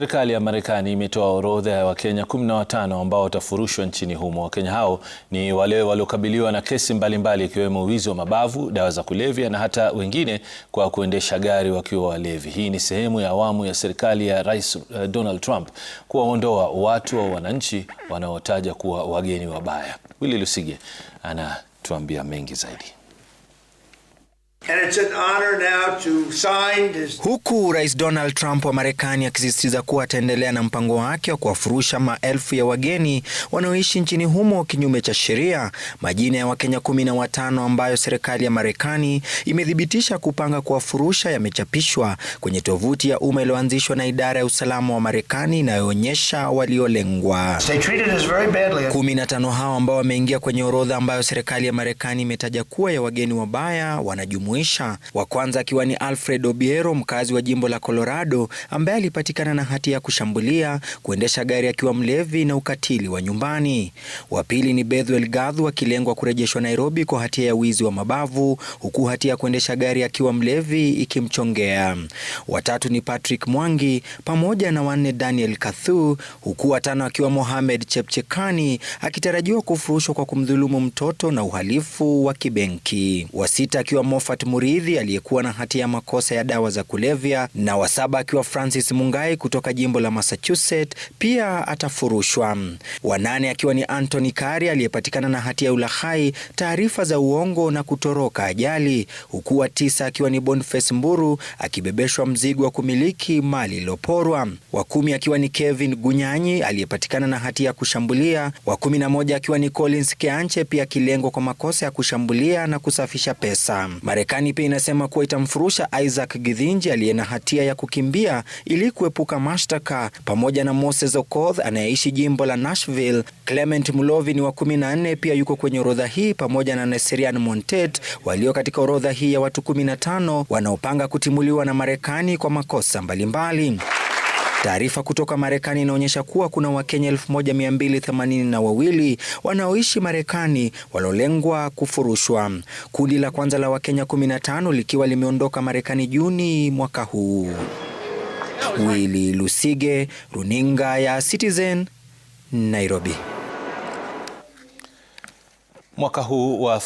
Serikali ya Marekani imetoa orodha ya Wakenya 15 ambao watafurushwa nchini humo. Wakenya hao ni wale waliokabiliwa na kesi mbalimbali ikiwemo wizi wa mabavu, dawa za kulevya na hata wengine kwa kuendesha gari wakiwa walevi. Hii ni sehemu ya awamu ya serikali ya Rais uh, Donald Trump kuwaondoa watu wa wananchi wanaotaja kuwa wageni wabaya. Willy Lusige anatuambia mengi zaidi. Huku Rais Donald Trump wa Marekani akisisitiza kuwa ataendelea na mpango wake wa kuwafurusha maelfu ya wageni wanaoishi nchini humo kinyume cha sheria, majina ya Wakenya kumi na watano ambayo serikali ya Marekani imethibitisha kupanga kuwafurusha yamechapishwa kwenye tovuti ya umma iliyoanzishwa na idara ya usalama wa Marekani inayoonyesha waliolengwa. Kumi na tano hao ambao wameingia kwenye orodha ambayo serikali ya Marekani imetaja kuwa ya wageni wabaya wanajumuisha maisha, wa kwanza akiwa ni Alfred Obiero, mkazi wa jimbo la Colorado, ambaye alipatikana na hatia ya kushambulia, kuendesha gari akiwa mlevi na ukatili wa nyumbani. Wa pili ni Bethwel Gadhu akilengwa kurejeshwa Nairobi kwa hatia ya wizi wa mabavu, huku hatia ya kuendesha gari akiwa mlevi ikimchongea. Watatu ni Patrick Mwangi pamoja na wanne Daniel Kathu, huku watano akiwa Mohamed Chepchekani akitarajiwa kufurushwa kwa kumdhulumu mtoto na uhalifu wa kibenki. Wa sita akiwa Mofat Muriithi aliyekuwa na hatia ya makosa ya dawa za kulevya na wasaba akiwa Francis Mungai kutoka jimbo la Massachusetts pia atafurushwa. Wanane akiwa ni Anthony Kari aliyepatikana na hatia ya ulaghai, taarifa za uongo na kutoroka ajali, huku wa tisa akiwa ni Boniface Mburu akibebeshwa mzigo wa kumiliki mali iliyoporwa, wa kumi akiwa ni Kevin Gunyanyi aliyepatikana na hatia ya kushambulia, wa kumi na moja akiwa ni Collins Keanche pia akilengwa kwa makosa ya kushambulia na kusafisha pesa Marekani Marekani pia inasema kuwa itamfurusha Isaac Githinji aliye na hatia ya kukimbia ili kuepuka mashtaka pamoja na Moses Okoth anayeishi jimbo la Nashville. Clement Mulovi ni wa 14 pia yuko kwenye orodha hii pamoja na Neserian Montet walio katika orodha hii ya watu 15 wanaopanga kutimuliwa na Marekani kwa makosa mbalimbali mbali. Taarifa kutoka Marekani inaonyesha kuwa kuna Wakenya 1282 wanaoishi Marekani walolengwa kufurushwa. Kundi la kwanza la Wakenya 15 likiwa limeondoka Marekani Juni mwaka huu. Willy Lusige, runinga ya Citizen, Nairobi. Mwaka huu wa